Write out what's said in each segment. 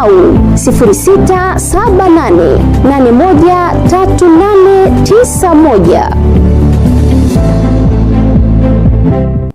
au 0678813891.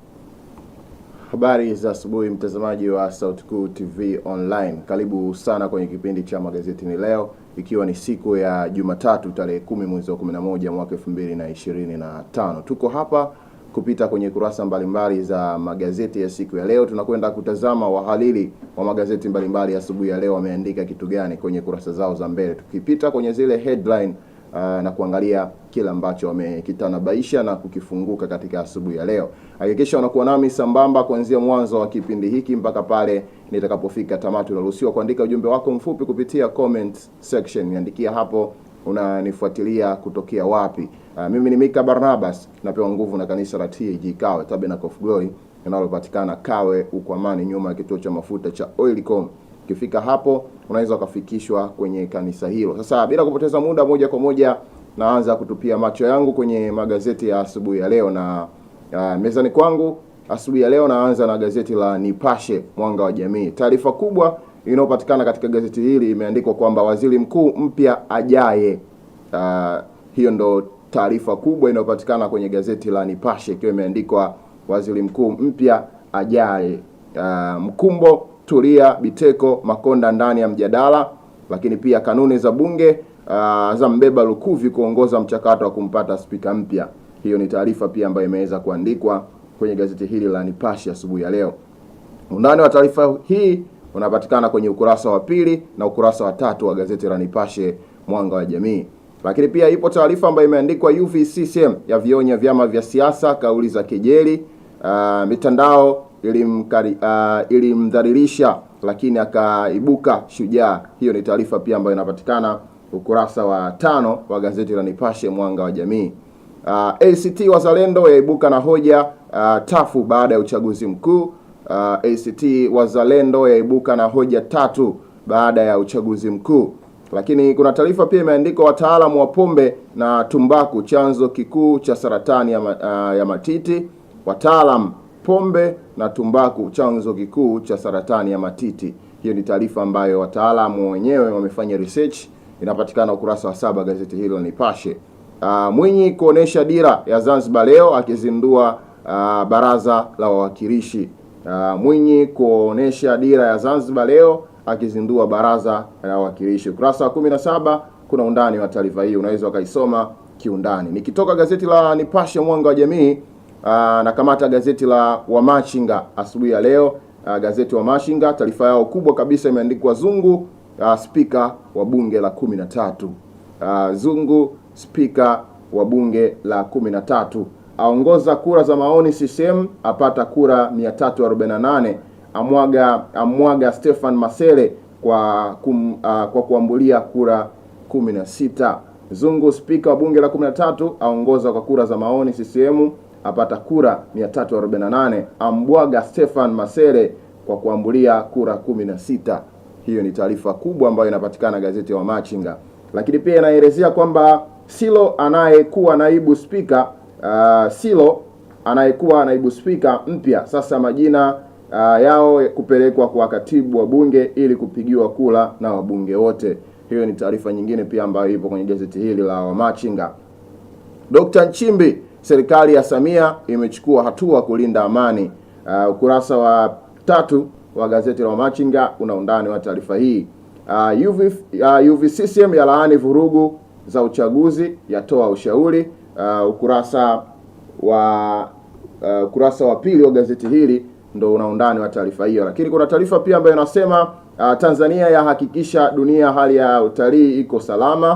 Habari za asubuhi, mtazamaji wa Sauti Kuu TV Online, karibu sana kwenye kipindi cha magazetini leo, ikiwa ni siku ya Jumatatu tarehe 10 mwezi wa 11 mwaka 2025. Tuko hapa kupita kwenye kurasa mbalimbali za magazeti ya siku ya leo. Tunakwenda kutazama wahalili wa magazeti mbalimbali asubuhi ya, ya leo wameandika kitu gani kwenye kurasa zao za mbele, tukipita kwenye zile headline Uh, na kuangalia kila ambacho wamekitanabaisha na kukifunguka katika asubuhi ya leo. Hakikisha unakuwa nami sambamba kuanzia mwanzo wa kipindi hiki mpaka pale nitakapofika tamati. Unaruhusiwa kuandika ujumbe wako mfupi kupitia comment section, niandikia hapo unanifuatilia kutokea wapi. Uh, mimi ni Mika Barnabas, napewa nguvu na kanisa la TAG Kawe Tabernacle of Glory linalopatikana Kawe Amani, nyuma ya kituo cha mafuta cha Oilcom. Ukifika hapo unaweza ukafikishwa kwenye kanisa hilo. Sasa bila kupoteza muda, moja kwa moja naanza kutupia macho yangu kwenye magazeti ya asubuhi ya leo na uh, mezani kwangu asubuhi ya leo naanza na gazeti la Nipashe Mwanga wa Jamii. Taarifa kubwa inayopatikana katika gazeti hili imeandikwa kwamba waziri mkuu mpya ajaye. Uh, hiyo ndo taarifa kubwa inayopatikana kwenye gazeti la Nipashe ikiwa imeandikwa waziri mkuu mpya ajaye, uh, Mkumbo, Tulia, Biteko, Makonda ndani ya mjadala, lakini pia kanuni za bunge uh, za mbeba Lukuvi kuongoza mchakato wa kumpata spika mpya. Hiyo ni taarifa pia ambayo imeweza kuandikwa kwenye gazeti hili la Nipashe asubuhi ya leo. Undani wa taarifa hii unapatikana kwenye ukurasa wa pili na ukurasa wa tatu wa gazeti la Nipashe Mwanga wa Jamii. Lakini pia ipo taarifa ambayo imeandikwa UVCCM ya vionya vyama vya siasa kauli za kejeli. Uh, mitandao ah, ilimdhalilisha uh, lakini akaibuka shujaa. Hiyo ni taarifa pia ambayo inapatikana ukurasa wa tano wa gazeti la Nipashe mwanga wa jamii. Uh, ah, ACT Wazalendo yaibuka na hoja uh, tafu baada ya uchaguzi mkuu. Uh, ACT Wazalendo yaibuka na hoja tatu baada ya uchaguzi mkuu. Lakini kuna taarifa pia imeandikwa wataalamu wa pombe na tumbaku chanzo kikuu cha saratani ya, ma, uh, ya matiti. Wataalamu pombe na tumbaku chanzo kikuu cha saratani ya matiti. Hiyo ni taarifa ambayo wataalamu wenyewe wamefanya research, inapatikana ukurasa wa saba gazeti hilo Nipashe. Uh, Mwinyi kuonesha dira ya Zanzibar leo akizindua uh, baraza la wawakilishi. Uh, Mwinyi kuonesha dira ya Zanzibar leo akizindua baraza la wawakilishi. Ukurasa wa 17 kuna undani wa taarifa hii, unaweza ukaisoma kiundani. Nikitoka gazeti la Nipashe mwanga wa jamii, aa, ah, nakamata gazeti la Wamachinga asubuhi ya leo. Aa, ah, gazeti Wamachinga taarifa yao kubwa kabisa imeandikwa Zungu aa, ah, spika wa bunge la 13. Aa, Zungu spika wa bunge la 13 aongoza kura za maoni CCM apata kura 348 amwaga amwaga Stefan Masele kwa kum, uh, kwa kuambulia kura 16. Zungu spika wa bunge la 13 aongoza kwa kura za maoni CCM apata kura 348, ambwaga Stefan Masele kwa kuambulia kura 16. Hiyo ni taarifa kubwa ambayo inapatikana gazeti wa machinga lakini pia inaelezea kwamba Silo anayekuwa naibu spika uh, Silo anayekuwa naibu spika mpya sasa majina Ah, yao kupelekwa kwa katibu wa bunge ili kupigiwa kula na wabunge wote. Hiyo ni taarifa nyingine pia ambayo ipo kwenye gazeti hili la Wamachinga. Dkt. Nchimbi, serikali ya Samia imechukua hatua kulinda amani. Uh, ukurasa wa tatu wa gazeti la Wamachinga una undani wa taarifa hii. Uh, ah, UV, uh, UVCCM ya laani vurugu za uchaguzi yatoa ushauri. Uh, ukurasa wa uh, ukurasa wa pili wa gazeti hili ndo una undani wa taarifa hiyo. Lakini kuna taarifa pia ambayo inasema uh, Tanzania yahakikisha dunia hali ya utalii iko salama.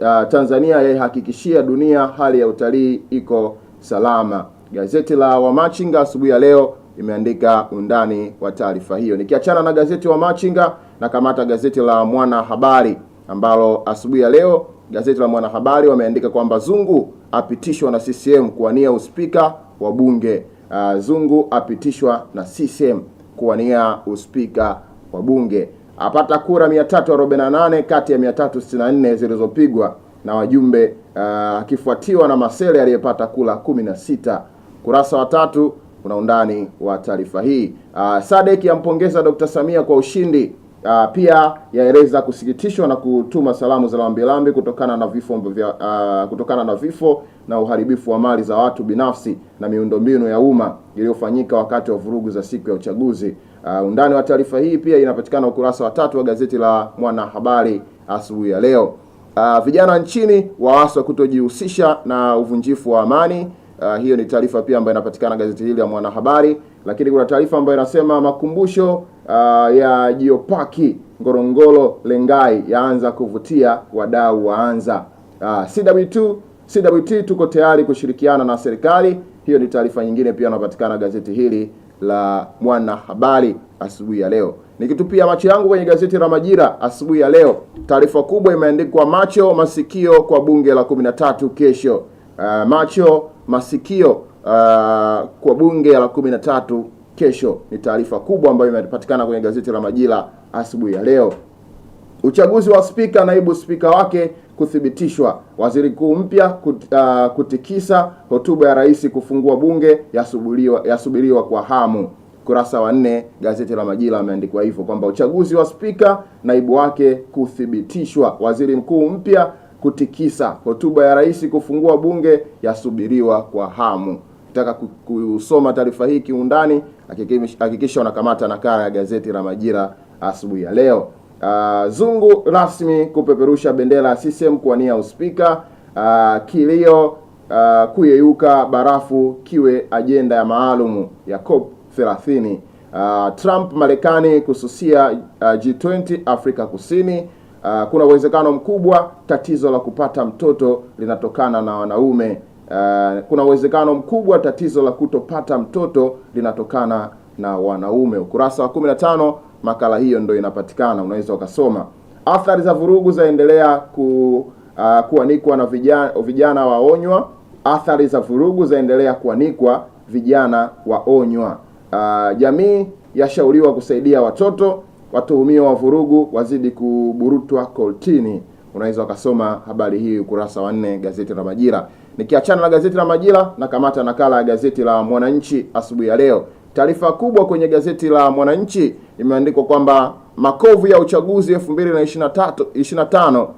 Uh, Tanzania yaihakikishia dunia hali ya utalii iko salama. Gazeti la Wamachinga asubuhi ya leo imeandika undani wa taarifa hiyo. Nikiachana na gazeti Wamachinga na kamata gazeti la mwana habari ambalo asubuhi ya leo gazeti la Mwanahabari wameandika kwamba Zungu apitishwa na CCM kuwania uspika wa Bunge uh, Zungu apitishwa na CCM kuwania uspika wa bunge, apata kura 348 kati ya 364 zilizopigwa na wajumbe ah, akifuatiwa uh, na Masele aliyepata kura 16. Kurasa wa tatu kuna undani wa taarifa hii. Uh, Sadek yampongeza Dr. Samia kwa ushindi Uh, pia yaeleza kusikitishwa na kutuma salamu za lambilambi kutokana na vifo uh, kutokana na vifo na uharibifu wa mali za watu binafsi na miundombinu ya umma iliyofanyika wakati wa vurugu za siku ya uchaguzi. Uh, undani wa taarifa hii pia inapatikana ukurasa wa tatu wa gazeti la Mwanahabari asubuhi ya leo. Uh, vijana nchini waaswa kutojihusisha na uvunjifu wa amani. Uh, hiyo ni taarifa pia ambayo inapatikana gazeti hili la Mwanahabari, lakini kuna taarifa ambayo inasema makumbusho uh, ya jiopaki Ngorongoro Lengai yaanza kuvutia wadau waanza. Uh, ah, CW2 CWT tuko tayari kushirikiana na serikali. Hiyo ni taarifa nyingine pia inapatikana gazeti hili la Mwanahabari asubuhi ya leo. Nikitupia macho yangu kwenye gazeti la Majira asubuhi ya leo, taarifa kubwa imeandikwa macho masikio kwa bunge la 13 kesho. Uh, macho masikio uh, kwa bunge la 13 kesho. Ni taarifa kubwa ambayo imepatikana kwenye gazeti la Majira asubuhi ya leo. Uchaguzi wa spika, naibu spika wake kuthibitishwa, waziri mkuu mpya kut, uh, kutikisa, hotuba ya rais kufungua bunge yasubiriwa, yasubiriwa kwa hamu. Kurasa wa nne gazeti la Majira ameandikwa hivyo kwamba uchaguzi wa spika, naibu wake kuthibitishwa, waziri mkuu mpya kutikisa, hotuba ya rais kufungua bunge yasubiriwa kwa hamu. Ukitaka kusoma taarifa hii kiundani, hakikisha unakamata nakala ya gazeti la Majira asubuhi ya leo. Uh, zungu rasmi kupeperusha bendera ya CCM kuwania uspika. Uh, kilio uh, kuyeyuka barafu kiwe ajenda ya maalumu ya COP 30. Uh, Trump Marekani kususia uh, G20 Afrika Kusini. Uh, kuna uwezekano mkubwa tatizo la kupata mtoto linatokana na wanaume. Eh, kuna uwezekano mkubwa tatizo la kutopata mtoto linatokana na wanaume. Ukurasa wa 15 makala hiyo ndio inapatikana, unaweza ukasoma. Athari za vurugu zaendelea ku uh, kuanikwa na vijana, vijana waonywa. Athari za vurugu zaendelea kuanikwa, vijana waonywa. Uh, jamii yashauriwa kusaidia watoto. Watuhumiwa wa vurugu wazidi kuburutwa koltini. Unaweza ukasoma habari hii ukurasa wa nne, gazeti la Majira. Nikiachana na gazeti la Majira na kamata nakala ya gazeti la Mwananchi asubuhi ya leo. Taarifa kubwa kwenye gazeti la Mwananchi imeandikwa kwamba makovu ya uchaguzi 2023 25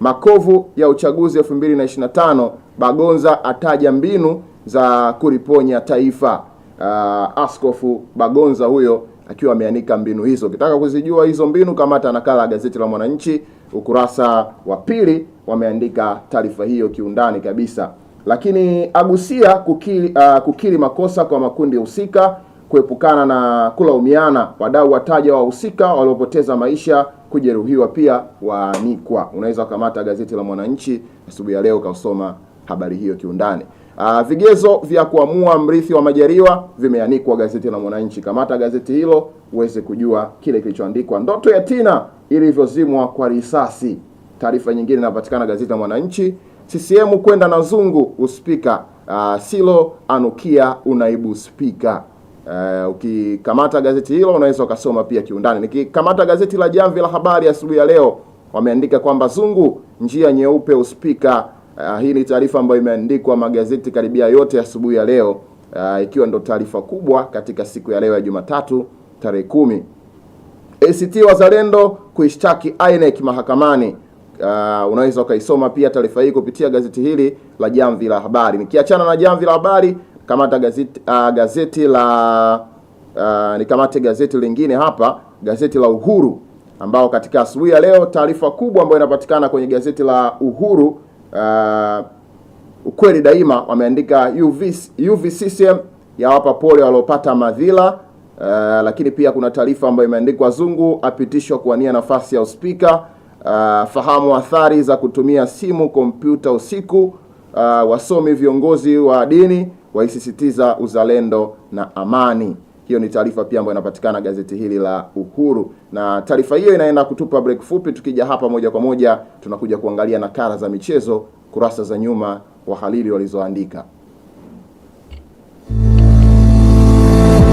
makovu ya uchaguzi 2025 Bagonza ataja mbinu za kuliponya taifa. Uh, Askofu Bagonza huyo akiwa ameanika mbinu hizo. Ukitaka kuzijua hizo mbinu, kamata nakala ya gazeti la Mwananchi ukurasa wa pili, wameandika taarifa hiyo kiundani kabisa lakini agusia kukili uh, kukili makosa kwa makundi husika, kuepukana na kulaumiana. Wadau wataja wahusika waliopoteza maisha, kujeruhiwa pia waanikwa. Unaweza ukamata gazeti la Mwananchi asubuhi ya leo ukausoma habari hiyo kiundani. Uh, vigezo vya kuamua mrithi wa majariwa vimeanikwa gazeti la Mwananchi. Kamata gazeti hilo uweze kujua kile kilichoandikwa. Ndoto ya Tina ilivyozimwa kwa risasi. Taarifa nyingine inapatikana gazeti la Mwananchi. CCM kwenda na Zungu uspika, uh, Silo anukia unaibu spika. Uh, eh, ukikamata gazeti hilo unaweza ukasoma pia kiundani. Nikikamata gazeti la Jamvi la Habari asubuhi ya, ya leo wameandika kwamba Zungu njia nyeupe uspika. Uh, hii ni taarifa ambayo imeandikwa magazeti karibia yote asubuhi ya, ya leo uh, ikiwa ndo taarifa kubwa katika siku ya leo ya Jumatatu tarehe kumi. ACT Wazalendo kuishtaki INEC mahakamani Uh, unaweza ukaisoma pia taarifa hii kupitia gazeti hili la Jamvi la Habari. Nikiachana na Jamvi la Habari, kamata gazeti, uh, gazeti la uh, nikamate gazeti lingine hapa, gazeti la Uhuru ambao katika asubuhi ya leo taarifa kubwa ambayo inapatikana kwenye gazeti la Uhuru uh, ukweli daima wameandika UVC, UVCCM yawapa pole waliopata madhila. Uh, lakini pia kuna taarifa ambayo imeandikwa Zungu apitishwa kuwania nafasi ya uspika Uh, fahamu athari za kutumia simu, kompyuta usiku. Uh, wasomi viongozi wa dini waisisitiza uzalendo na amani. Hiyo ni taarifa pia ambayo inapatikana gazeti hili la Uhuru, na taarifa hiyo inaenda kutupa break fupi. Tukija hapa moja kwa moja, tunakuja kuangalia nakala za michezo, kurasa za nyuma wahariri walizoandika.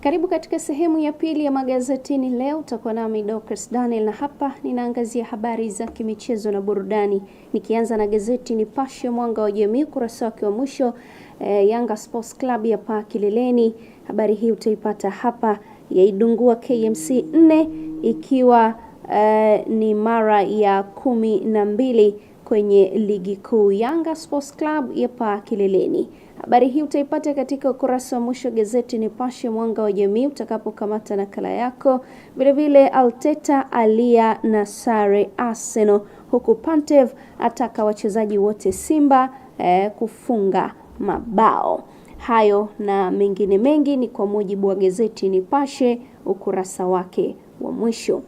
karibu katika sehemu ya pili ya magazetini leo, utakuwa nami Dorcas Daniel na hapa ninaangazia habari za kimichezo na burudani, nikianza na gazeti Nipashe Mwanga wa Jamii ukurasa wake wa mwisho. Eh, Yanga Sports Club ya paa kileleni, habari hii utaipata hapa, yaidungua KMC 4 ikiwa eh, ni mara ya kumi na mbili kwenye ligi kuu. Yanga Sports Club yapa kileleni. Habari hii utaipata katika ukurasa wa mwisho gazeti Nipashe Mwanga wa Jamii utakapokamata nakala yako. Vilevile Alteta alia na sare Arsenal, huku Pantev ataka wachezaji wote Simba eh, kufunga mabao hayo na mengine mengi ni kwa mujibu wa gazeti Nipashe ukurasa wake wa mwisho.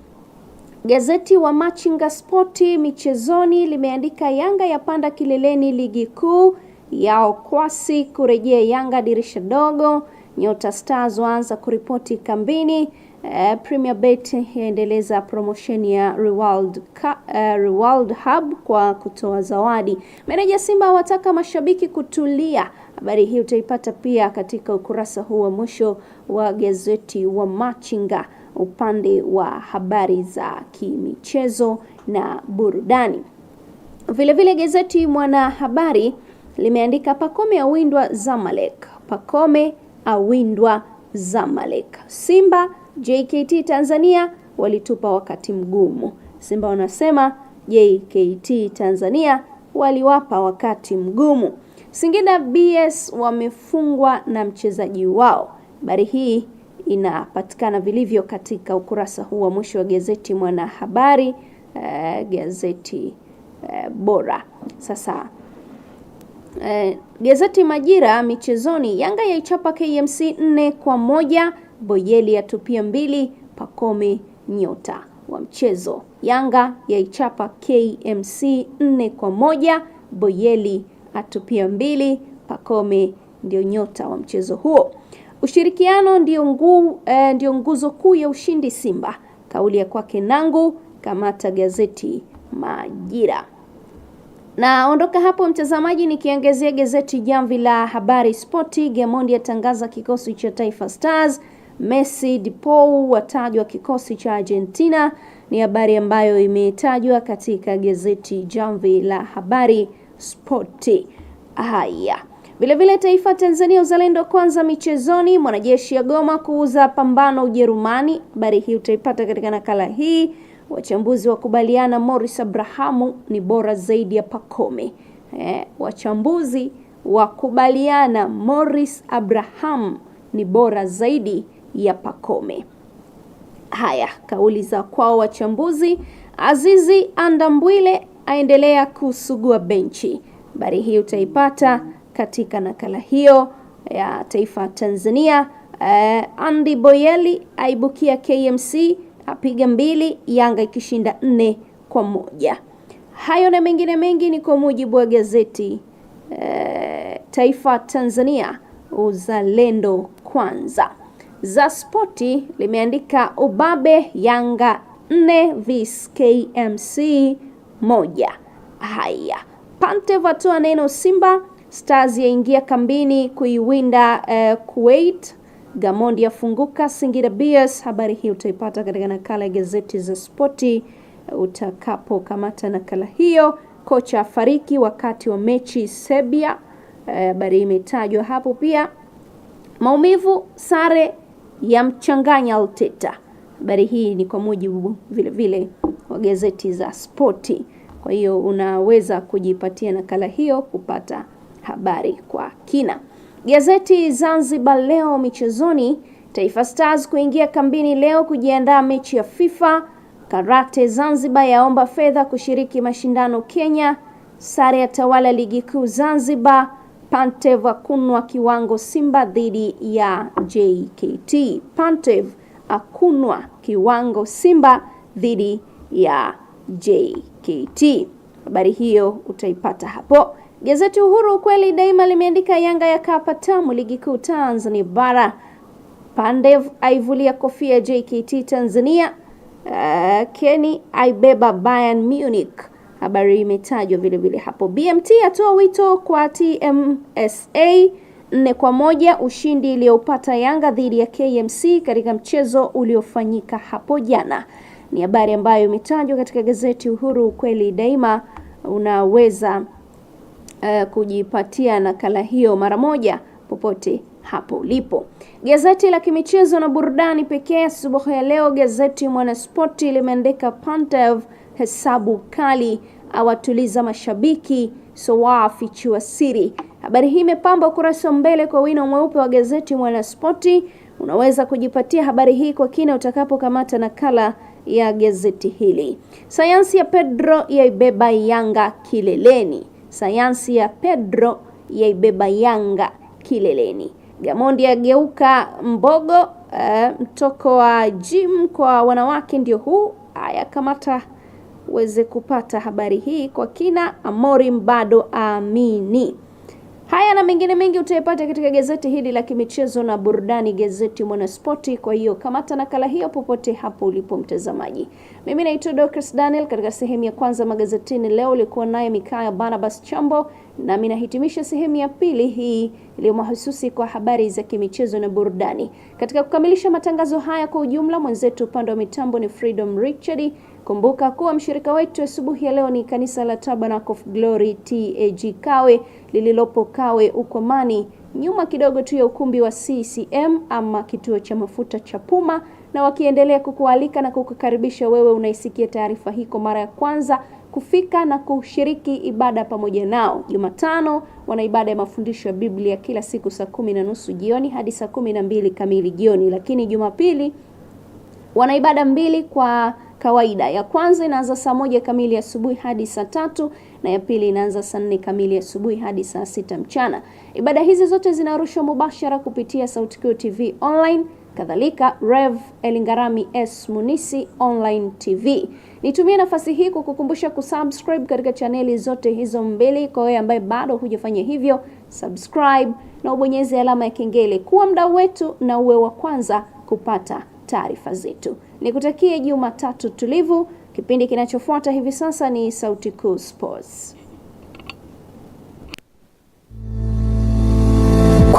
Gazeti wa Machinga Spoti michezoni limeandika Yanga yapanda kileleni ligi kuu, yao kwasi kurejea Yanga dirisha dogo, Nyota Stars waanza kuripoti kambini. eh, Premier Bet yaendeleza promosheni ya Reworld, eh, Reworld Hub kwa kutoa zawadi. Meneja Simba wataka mashabiki kutulia. Habari hii utaipata pia katika ukurasa huu wa mwisho wa gazeti wa Machinga upande wa habari za kimichezo na burudani. Vilevile gazeti Mwanahabari limeandika Pacome awindwa Zamalek, Pacome awindwa Zamalek. Simba JKT Tanzania walitupa wakati mgumu. Simba wanasema JKT Tanzania waliwapa wakati mgumu. Singida BS wamefungwa na mchezaji wao. Habari hii inapatikana vilivyo katika ukurasa huu wa mwisho wa gazeti Mwanahabari, uh, gazeti uh, bora. Sasa Uh, gazeti Majira michezoni, Yanga yaichapa KMC 4 kwa moja, Boyeli atupia mbili, pakome nyota wa mchezo. Yanga yaichapa KMC 4 kwa moja, Boyeli atupia mbili, pakome ndio nyota wa mchezo huo. Ushirikiano ndio ngu, eh, ndio nguzo kuu ya ushindi Simba. Kauli ya kwake nangu kamata gazeti Majira. Naondoka hapo mtazamaji, nikiangazia gazeti Jamvi la Habari Spoti. Gemondi atangaza kikosi cha Taifa Stars. Messi, Depou watajwa kikosi cha Argentina, ni habari ambayo imetajwa katika gazeti Jamvi la Habari Spoti. Haya. Vilevile taifa Tanzania uzalendo kwanza michezoni, mwanajeshi agoma kuuza pambano Ujerumani. Habari hii utaipata katika nakala hii. Wachambuzi wakubaliana Morris Abrahamu ni bora zaidi ya Pacome. Eh, wachambuzi wakubaliana Morris Abrahamu ni bora zaidi ya Pacome. Haya, kauli za kwao wachambuzi. Azizi Andambwile aendelea kusugua benchi. Habari hii utaipata katika nakala hiyo ya Taifa Tanzania. Eh, Andy Boyeli aibukia KMC apiga mbili, Yanga ikishinda nne kwa moja. Hayo na mengine mengi ni kwa mujibu wa gazeti eh, Taifa Tanzania uzalendo kwanza. Za Spoti limeandika ubabe Yanga 4 vs KMC moja. Haya, Pante vatoa neno Simba Stars yaingia kambini kuiwinda uh, Kuwait. Gamondi yafunguka Singida Bears. Habari hii utaipata katika nakala ya gazeti za spoti eh, utakapokamata nakala hiyo. Kocha afariki wakati wa mechi Serbia, eh, habari uh, imetajwa hapo pia. Maumivu sare ya mchanganya Alteta, habari hii ni kwa mujibu vile vile wa gazeti za spoti. Kwa hiyo unaweza kujipatia nakala hiyo kupata habari kwa kina. Gazeti Zanzibar Leo michezoni, Taifa Stars kuingia kambini leo kujiandaa mechi ya FIFA. Karate Zanzibar yaomba fedha kushiriki mashindano Kenya. Sare ya tawala ligi kuu Zanzibar. Pantev akunwa kiwango Simba dhidi ya JKT. Pantev akunwa kiwango Simba dhidi ya JKT. Habari hiyo utaipata hapo. Gazeti Uhuru ukweli daima limeandika Yanga ya kapa tamu ligi kuu Tanzania bara. Pandev aivulia kofia JKT Tanzania. Uh, Kenny aibeba Bayern Munich. Habari imetajwa vile vile hapo. BMT atoa wito kwa TMSA nne kwa moja ushindi iliyopata Yanga dhidi ya KMC katika mchezo uliofanyika hapo jana. Ni habari ambayo imetajwa katika gazeti Uhuru ukweli daima, unaweza uh, kujipatia nakala hiyo mara moja popote hapo ulipo. Gazeti la kimichezo na burudani pekee asubuhi ya leo, gazeti Mwanaspoti limeandika Pantev hesabu kali awatuliza mashabiki, Sowah afichua siri. Habari hii imepamba ukurasa wa mbele kwa wino mweupe wa gazeti Mwanaspoti. Unaweza kujipatia habari hii kwa kina utakapokamata nakala ya gazeti hili. Sayansi ya Pedro yaibeba Yanga kileleni. Sayansi ya Pedro yaibeba Yanga kileleni. Gamondi ageuka Mbogo. E, mtoko wa gym kwa wanawake ndio huu. Haya, kamata uweze kupata habari hii kwa kina. Amorim bado amini Haya na mengine mengi utayapata katika gazeti hili la kimichezo na burudani, gazeti Mwanaspoti. Kwa hiyo kamata nakala hiyo popote hapo ulipo mtazamaji. Mimi naitwa Dorcas Daniel. Katika sehemu ya kwanza magazetini leo ulikuwa naye Mikaya Barnabas Chambo, nami nahitimisha sehemu ya pili hii iliyo mahususi kwa habari za kimichezo na burudani. Katika kukamilisha matangazo haya kwa ujumla, mwenzetu upande wa mitambo ni Freedom Richard. Kumbuka kuwa mshirika wetu asubuhi ya leo ni kanisa la Tabernacle of Glory TAG Kawe lililopo Kawe mani nyuma kidogo tu ya ukumbi wa CCM ama kituo cha mafuta cha Puma, na wakiendelea kukualika na kukukaribisha wewe unaisikia taarifa hii kwa mara ya kwanza kufika na kushiriki ibada pamoja nao. Jumatano wana ibada ya mafundisho ya Biblia kila siku saa kumi na nusu jioni hadi saa kumi na mbili kamili jioni, lakini Jumapili wana ibada mbili kwa kawaida. Ya kwanza inaanza saa moja kamili asubuhi hadi saa tatu na ya pili inaanza saa nne kamili asubuhi hadi saa sita mchana. Ibada hizi zote zinarushwa mubashara kupitia Sauti Kuu TV online, kadhalika Rev Elingarami S Munisi online TV. Nitumie nafasi hii kwa kukumbusha kusubscribe katika chaneli zote hizo mbili. Kwa wewe ambaye bado hujafanya hivyo, subscribe na ubonyeze alama ya kengele. Kuwa mdau wetu na uwe wa kwanza kupata taarifa zetu. Nikutakie Jumatatu tulivu. Kipindi kinachofuata hivi sasa ni Sauti Kuu Sports.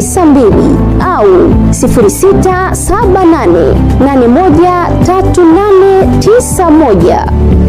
92 au 0678813891.